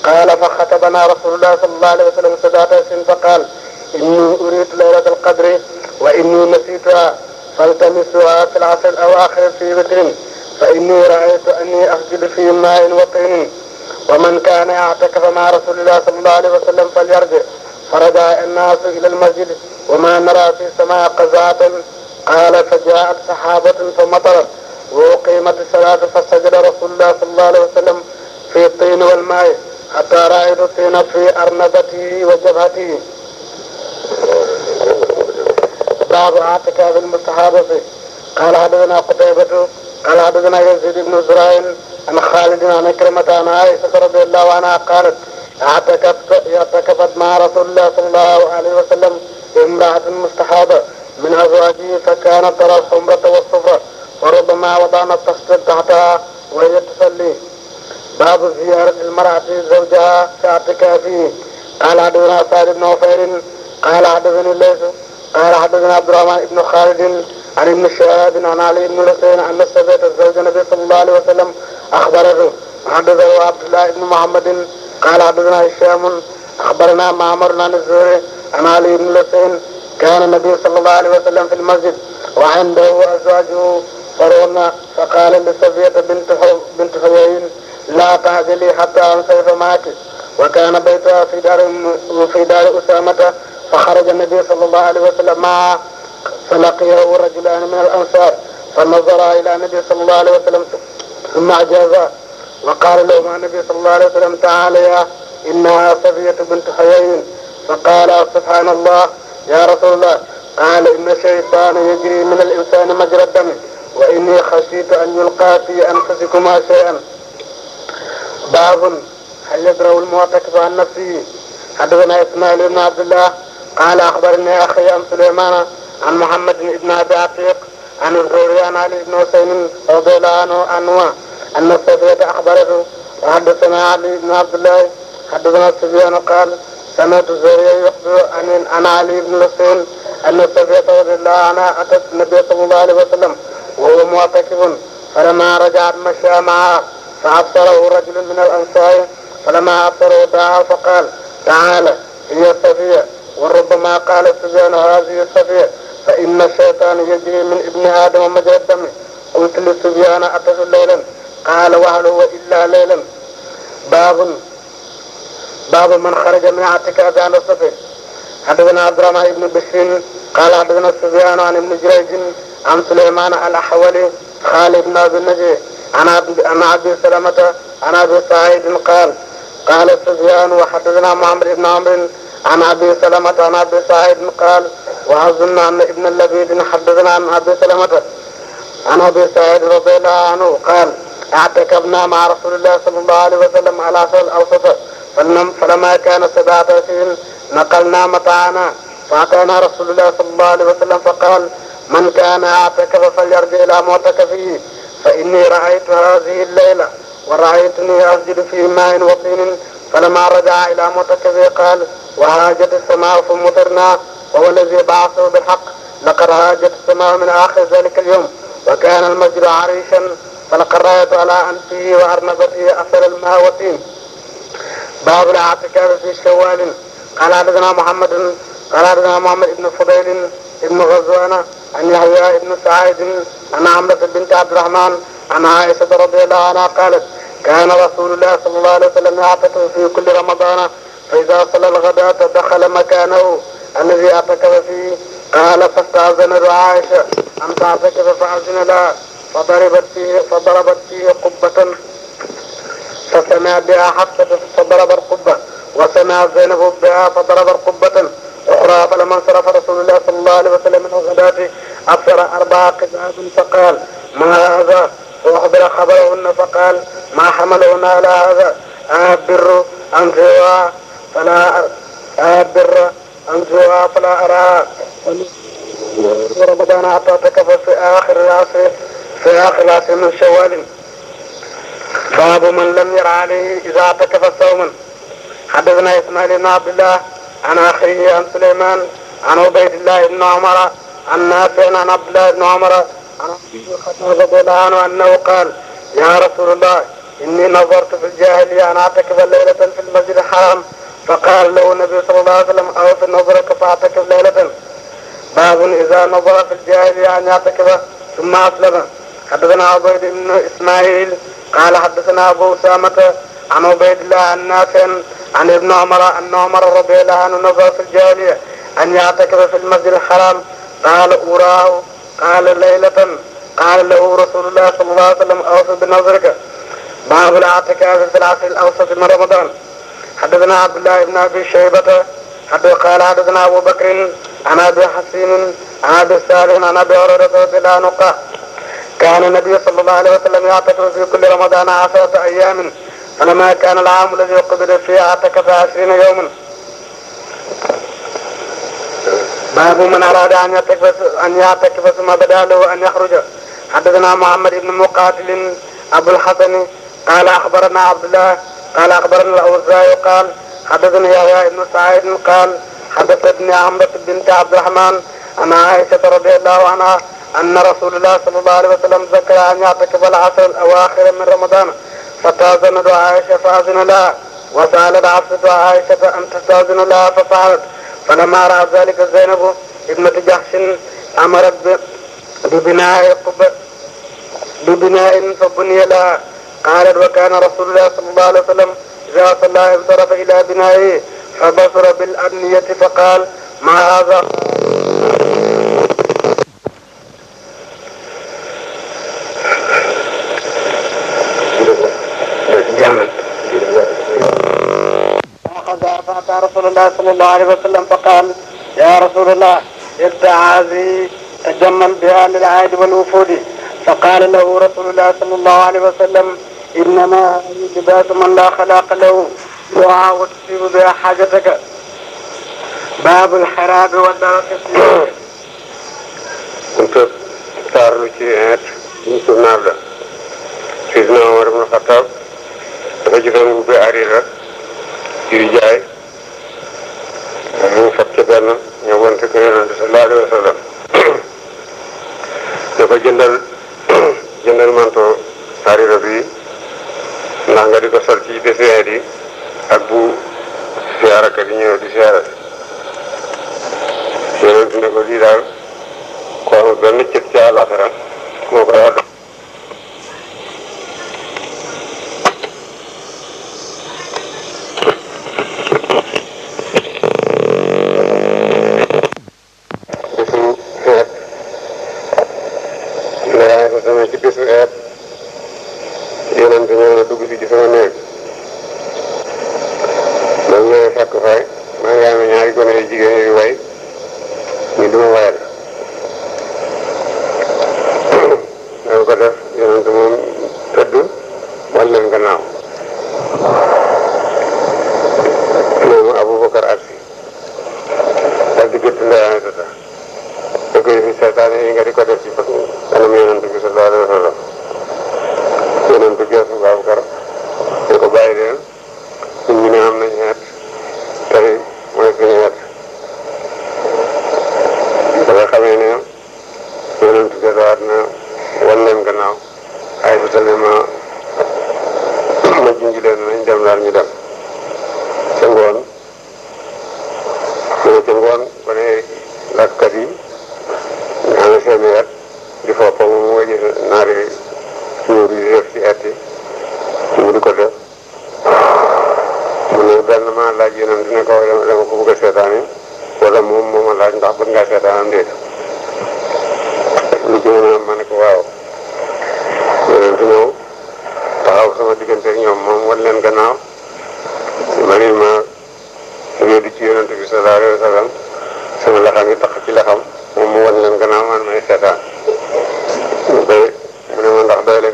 قال فخطبنا رسول الله صلى الله عليه وسلم سبعة عشرين فقال إني أريد ليلة القدر وإني نسيتها فالتمسوها في العصر الأواخر في وتر فإني رأيت أني أسجد في ماء وطين wa man kaana yactakafa maa rasulillah sallallahu alayhi wa sallam falyarji فرجع الناس إلى المسجد وما نرى في السماء قزاة قال فجاءت سحابة فمطرت وأقيمت الصلاة فسجد رسول الله صلى الله عليه وسلم في الطين والماء حتى رأيت الطين في أرنبته وجبهته باب اعتكاف المستحابة قال حدثنا قتيبة قال حدثنا يزيد بن زرائيل an xaalidin an ikrimata an aisha radiyallahu anha qaalat اعتكفت مع رسول الله صلى الله عليه وسلم امرأة مستحاضة من أزواجه فكانت ترى الحمرة والصفرة وربما وضعنا التخصيل تحتها وهي تصلي باب زيارة المرأة زوجها في اعتكافه قال حدثنا سعد بن عفير قال حدثني الليث قال حدثنا عبد الرحمن بن خالد عن ابن شهاب عن علي بن الحسين أن استفيت الزوج النبي صلى الله عليه وسلم أخبرني حدثه عبد الله بن محمد قال حدثنا هشام أخبرنا معمر عن الزهري عن علي بن لسين كان النبي صلى الله عليه وسلم في المسجد وعنده أزواجه فرعون فقال لصفية بنت حو... بنت حوين لا تعجلي حتى أنصرف معك وكان بيتها في دار في دار أسامة فخرج النبي صلى الله عليه وسلم معه فلقيه رجلان من الأنصار فنظر إلى النبي صلى الله عليه وسلم ثم أجاز وقال لهما النبي صلى الله عليه وسلم تعاليا إنها صفية بنت حيين فقال سبحان الله يا رسول الله قال إن الشيطان يجري من الإنسان مجرى الدم وإني خشيت أن يلقى في أنفسكما شيئا باب هل يدروا المعتكف عن نفسه حدثنا إسماعيل بن عبد الله قال أخبرني أخي عن سليمان عن محمد بن أبي عتيق عن الزهري عن علي بن حسين رضي الله عنه عنه أن الصبية أخبرته وحدثنا علي بن عبد الله حدثنا سفيان قال سمعت زهري يخبر عن عن علي بن لسين أن الصبية رضي الله عنها أتت النبي صلى الله عليه وسلم وهو معتكف فلما رجعت مشى معها فأبصره رجل من الأنصار فلما أبصره دعا فقال تعالى هي الصفية وربما قال سفيان هذه الصفية فإن الشيطان يجري من ابن آدم مجرى الدم قلت لسفيان أتت ليلا قال وهل هو إلا ليلا باب باب من خرج من اعتكاف عن الصفر حدثنا عبد الرحمن بن بشير قال حدثنا سفيان عن ابن جريج عن سليمان الاحولي خالد بن ابي النجي عن عن ابي سلمه عن ابي سعيد قال قال سفيان وحدثنا معمر بن عمرو عن ابي سلمه عن ابي سعيد قال واظن ان ابن اللبيد حدثنا عن ابي سلمه عن ابي سعيد رضي الله عنه قال فاعتكفنا مع رسول الله صلى الله عليه وسلم على سبيل أوسط فلما كان سبعة أشهر نقلنا متاعنا فأتانا رسول الله صلى الله عليه وسلم فقال من كان اعتكف فليرجع إلى معتكفه فإني رأيت هذه الليلة ورأيتني أسجد في ماء وطين فلما رجع إلى معتكفه قال وهاجت السماء فمطرنا وهو الذي بعثه بالحق لقد هاجت السماء من آخر ذلك اليوم وكان المسجد عريشا فلقد رايت على انفه وارنبته اثر الماء والطين باب الاعتكاف في شوال قال حدثنا محمد قال حدثنا محمد بن فضيل بن غزوان عن يحيى بن سعيد عن عمرة بنت عبد الرحمن عن عائشة رضي الله عنها قالت كان رسول الله صلى الله عليه وسلم يعتكف في كل رمضان فإذا صلى الغداة دخل مكانه الذي اعتكف فيه قال فاستأذن عائشة أن تعتكف فأذن لها fa darabat fihi fa darabat fihi qubbatan fa sama biha xafsata fa darabat qubba wa sama zeynabu biha fa darabat qubbatan uxra falamma sarafa rasulullah sallallahu alayhi wa sallam min xasadaati absara arbaa qitaatin fa qaal ma hada wa axbira xabarahunna fa qaal ma xamalahunna ala hada abirru an siwa fala abirra an siwa fala araha رمضان أعطتك ففي آخر العصر فيها ثلاث من شوال باب من لم ير عليه إذا اعتكف صوما حدثنا إسماعيل بن عبد الله عن أخيه عن سليمان عن عبيد الله بن عمر عن نافع عن عبد الله بن عمر عن رضي الله عنه أنه قال يا رسول الله إني نظرت في الجاهلية أن أعتكف ليلة في المسجد الحرام فقال له النبي صلى الله عليه وسلم أو في نظرك فأعتكف ليلة باب إذا نظر في الجاهلية أن يعتكف ثم أسلم حدثنا عبيد بن إسماعيل قال حدثنا أبو أسامة عن عبيد الله عن نافع عن ابن عمر أن عمر رضي الله عنه نظر في الجارية أن يعتكف في المسجد الحرام قال أراه قال ليلة قال له رسول الله صلى الله عليه وسلم أوصي بنظرك باب الاعتكاف في العصر الأوسط من رمضان حدثنا عبد الله بن أبي شيبة حتى قال حدثنا أبو بكر عن أبي حسين عن أبي صالح عن أبي هريرة رضي الله عنه كان النبي صلى الله عليه وسلم يعتكف في كل رمضان عشرة أيام فلما كان العام الذي قبل فيه اعتكف عشرين يوما باب من أراد أن يعتكف أن يعتكف ثم بدا له أن يخرج حدثنا محمد بن مقاتل أبو الحسن قال أخبرنا عبد الله قال أخبرنا الأوزاعي قال حدثني يحيى بن سعيد قال حدثتني عمرة بنت عبد الرحمن عن عائشة رضي الله عنها أن رسول الله صلى الله عليه وسلم ذكر أن يعتكف العشر الأواخر من رمضان فتأذن عائشة فأذن لها وسألت حفصة عائشة أن تستأذن لها ففعلت فلما رأى ذلك زينب ابنة جحش أمرت ببناء قبة ببناء فبني لها قالت وكان رسول الله صلى الله عليه وسلم إذا صلى انصرف إلى بنائه فبصر بالأبنية فقال ما هذا rasulullah sallallahu alaihi wasallam faqal ya rasulullah ارفع هذه تجمل بها للعهد والوفود فقال له رسول الله صلى الله عليه وسلم انما هذه لباس من لا خلاق له دعاء وتصيب بها حاجتك باب الحراب والدرك كنت تارلو ci et ñu naar la sidna Omar ibn Khattab dafa jotoon ubbi ari la ci jaay dañuy fab ci benn ñëwoon ci ko yonent sallallahu alayhi wa sallam [COUGHS] da ko jëndal [COUGHS] jëndal manto sarira bi ndax nga di ko sol ci bés weer yi ak bu siyaarakat yi ñëw di siyaara yonent ne ko lii daal ko amul benn cër ci àllaaxira moo ko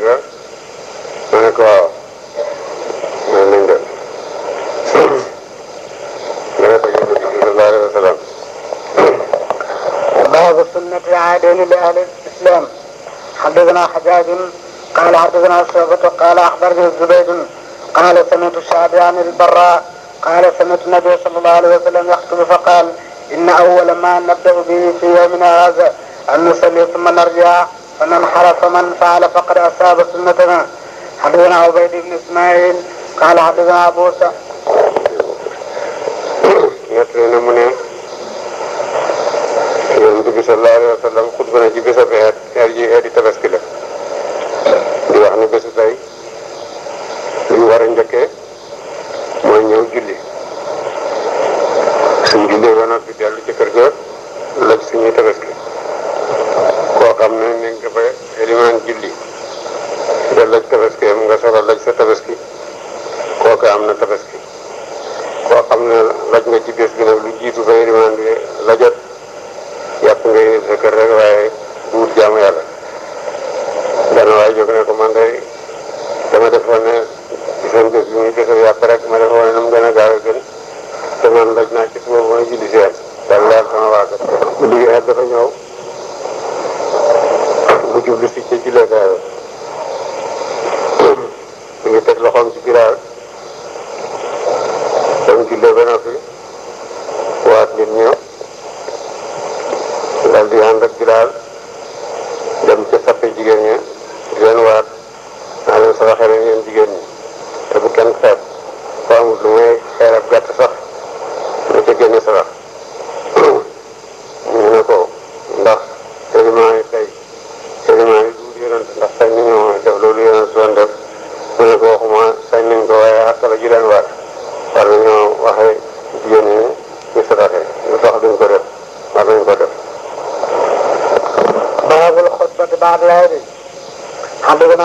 boole ka ma ne ko waaw noonu lañ def ma ne ko yonent bi sallallahu alayhi wa sallam باب سنة عادل لأهل الإسلام حدثنا حجاج قال حدثنا شعبة قال أخبرني زبيد قال سمعت الشعبي عن البراء قال سمعت النبي صلى الله عليه وسلم يخطب فقال إن أول ما نبدأ به في يومنا هذا أن نصلي ثم نرجع فمن حرف من فعل فقد أصاب سنتنا حدثنا عبيد بن إسماعيل قال حدثنا أبو سعيد يتلون من يوم صلى الله عليه وسلم خطبنا جبس بهاد يرجي هادي تبسكله دي واخني بس تاي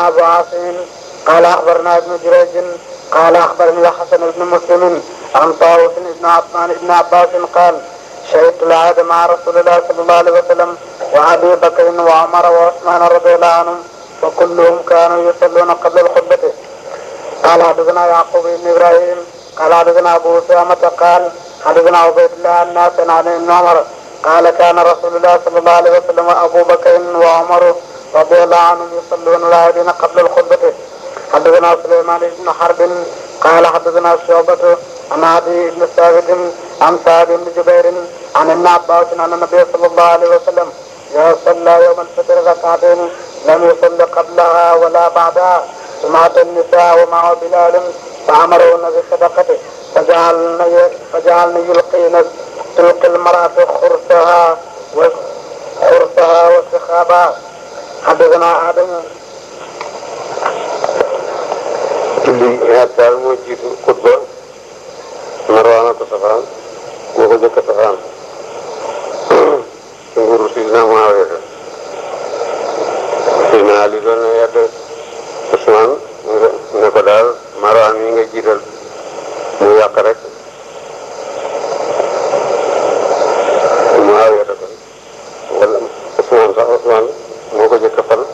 أبو عاصم قال أخبرنا ابن جريج قال أخبرني حسن بن مسلم عن طاووس بن عثمان بن عباس قال شهدت العهد مع رسول الله صلى الله عليه وسلم وأبي بكر وعمر وعثمان رضي الله عنهم وكلهم كانوا يصلون قبل الخطبة قال حدثنا يعقوب بن إبراهيم قال حدثنا أبو أسامة قال حدثنا عبيد الله الناس عن ابن عمر قال كان رسول الله صلى الله عليه وسلم وأبو بكر وعمر رضي الله عنهم يصلون العيدين قبل الخطبة حدثنا سليمان بن حرب قال حدثنا شعبة عن أبي بن ثابت عن سعد بن جبير عن ابن عباس عن النبي صلى الله عليه وسلم صلى يوم الفطر ركعتين لم يصل قبلها ولا بعدها ثم أتى النساء ومعه بلال فأمرهن بصدقته فجعلن فجعلن يلقين تلقي المرأة خرسها وخرسها وسخابها حدثنا آدم julli ñaar daal moo jiitu xutba Marwaana ko safaan moo ko jëkk a safaan ci [COUGHS] nguuru Sidina Muawiya Sidina Ali doon na yedd Usmaan ne ko daal Marwaan yi nga jiital mu yàq rek Muawiya kon wala Usmaan sax Usmaan moo ko njëkk a fal